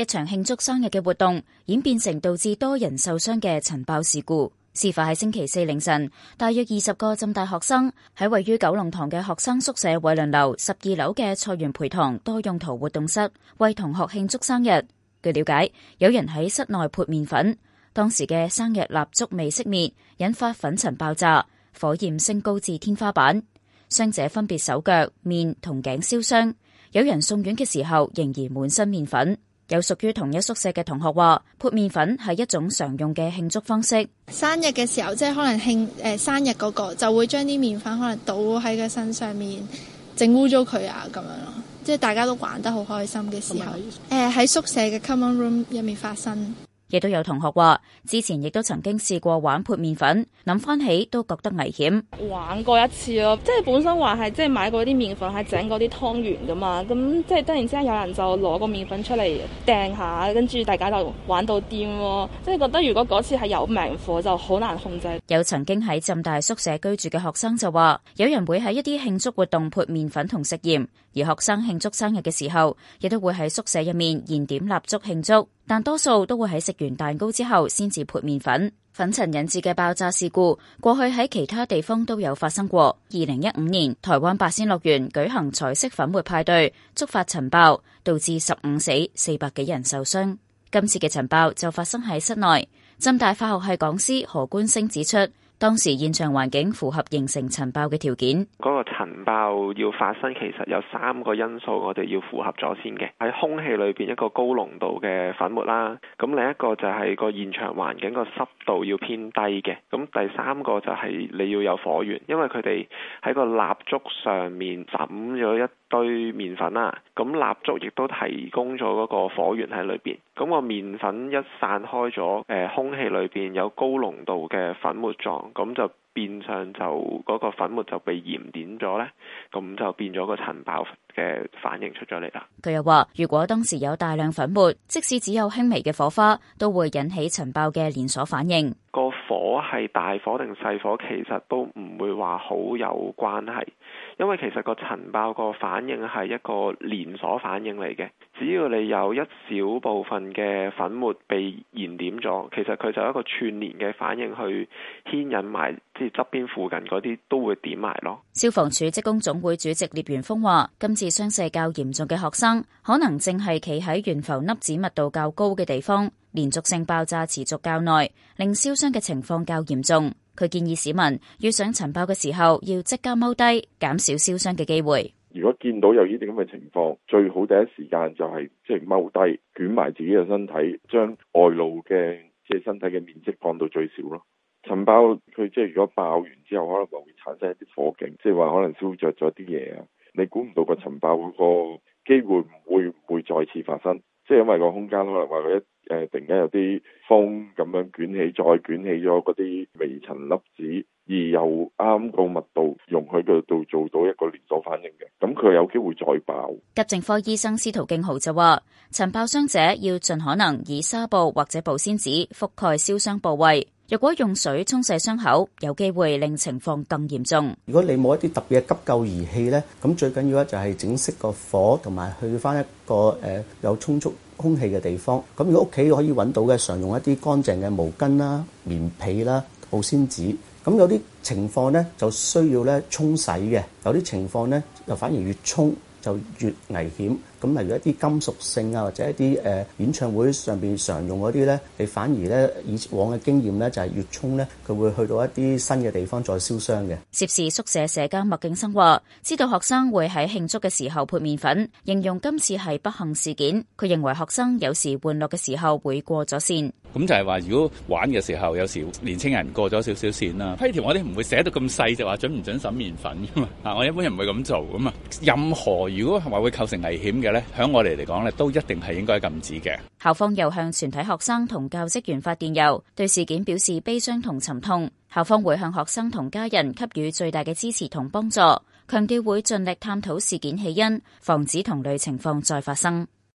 一場慶祝生日嘅活動演變成導致多人受傷嘅塵爆事故。事發喺星期四凌晨，大約二十個浸大學生喺位於九龍塘嘅學生宿舍偉倫樓十二樓嘅蔡元培堂多用途活動室為同學慶祝生日。據了解，有人喺室內潑麵粉，當時嘅生日蠟燭未熄滅，引發粉塵爆炸，火焰升高至天花板。傷者分別手腳、面同頸燒傷，有人送院嘅時候仍然滿身麵粉。有屬於同一宿舍嘅同學話，潑麵粉係一種常用嘅慶祝方式。生日嘅時候，即係可能慶誒生日嗰個就會將啲麵粉可能倒喺佢身上面，整污咗佢啊咁樣咯。即係大家都玩得好開心嘅時候，誒喺、 呃、宿舍嘅 common room 入面發生。亦都有同學話，之前亦都曾經試過玩潑麵粉，諗返起都覺得危險。玩過一次咯、啊，即係本身話係即係買過啲麵粉喺整嗰啲湯圓噶嘛，咁即係突然之間有人就攞個麵粉出嚟掟下，跟住大家就玩到癲喎、啊，即係覺得如果嗰次係有明火，就好難控制。有曾經喺浸大宿舍居住嘅學生就話，有人會喺一啲慶祝活動潑麵粉同食鹽，而學生慶祝生日嘅時候，亦都會喺宿舍入面燃點蠟燭慶祝，但多數都會喺食完蛋糕之後，先至潑麵粉，粉塵引致嘅爆炸事故，過去喺其他地方都有發生過。二零一五年，台灣八仙樂園舉行彩色粉末派對，觸發塵爆，導致十五死四百幾人受傷。今次嘅塵爆就發生喺室內。浸大化學系講師何冠星指出。當時現場環境符合形成塵爆嘅條件。嗰個塵爆要發生，其實有三個因素，我哋要符合咗先嘅。喺空氣裏邊一個高濃度嘅粉末啦，咁另一個就係個現場環境個濕度要偏低嘅。咁第三個就係你要有火源，因為佢哋喺個蠟燭上面抌咗一堆麵粉啦，咁蠟燭亦都提供咗嗰個火源喺裏邊，咁個麵粉一散開咗，誒、呃、空氣裏邊有高濃度嘅粉末狀，咁就。變相就嗰個粉末就被燃點咗呢，咁就變咗個塵爆嘅反應出咗嚟啦。佢又話，如果當時有大量粉末，即使只有輕微嘅火花，都會引起塵爆嘅連鎖反應。個火係大火定細火，其實都唔會話好有關係，因為其實個塵爆個反應係一個連鎖反應嚟嘅。只要你有一小部分嘅粉末被燃點咗，其實佢就一個串聯嘅反應去牽引埋，即係側邊附近嗰啲都會點埋咯。消防處職工總會主席聶元峰話今次傷勢較嚴重嘅學生，可能正係企喺懸浮粒子密度較高嘅地方，連續性爆炸持續較耐，令燒傷嘅情況較嚴重。佢建議市民遇上塵爆嘅時候，要即刻踎低，減少燒傷嘅機會。如果見到有呢啲咁嘅情況，最好第一時間就係即係踎低，捲埋自己嘅身體，將外露嘅即係身體嘅面積放到最少咯。塵爆佢即係如果爆完之後，可能話會產生一啲火警，即係話可能燒着咗啲嘢啊。你估唔到個塵爆，個機會會唔會再次發生？即係因為個空間可能話佢一。誒突然間有啲風咁樣捲起，再捲起咗嗰啲微塵粒子，而又啱個密度，容許佢度做到一個連鎖反應嘅，咁佢有機會再爆。急症科醫生司徒敬豪就話，塵爆傷者要盡可能以紗布或者保鮮紙覆蓋燒傷部位，若果用水沖洗傷口，有機會令情況更嚴重。如果你冇一啲特別急救儀器咧，咁最緊要咧就係整熄個火，同埋去翻一個誒有充足。空氣嘅地方，咁如果屋企可以揾到嘅，常用一啲乾淨嘅毛巾啦、棉被啦、保鮮紙。咁有啲情況呢就需要咧沖洗嘅；有啲情況呢，就反而越沖就越危險。咁例如一啲金屬性啊，或者一啲誒、呃、演唱會上邊常用啲咧，你反而咧以往嘅經驗咧就係、是、越沖咧，佢會去到一啲新嘅地方再燒傷嘅。涉事宿舍舍監麥景生話知道學生會喺慶祝嘅時候潑麵粉，形容今次係不幸事件。佢認為學生有時玩樂嘅時候會過咗線，咁就係話如果玩嘅時候有時年青人過咗少少線啦。批條我哋唔會寫到咁細就話准唔准灑麵粉噶嘛？啊， 我一般人唔會咁做噶嘛。任何如果係話會構成危險嘅。喺我哋嚟講呢，都一定係應該禁止嘅。校方又向全體學生同教職員發電郵，對事件表示悲傷同沉痛。校方會向學生同家人給予最大嘅支持同幫助，強調會盡力探討事件起因，防止同類情況再發生。